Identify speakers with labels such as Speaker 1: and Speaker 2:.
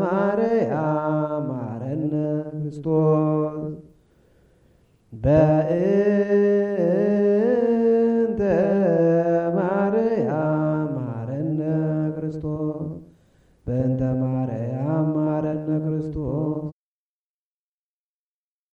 Speaker 1: ማርያም ማረነ ክርስቶስ በእንተ ማርያም ማረነ ክርስቶስ በእንተ ማርያም ማረነ ክርስቶስ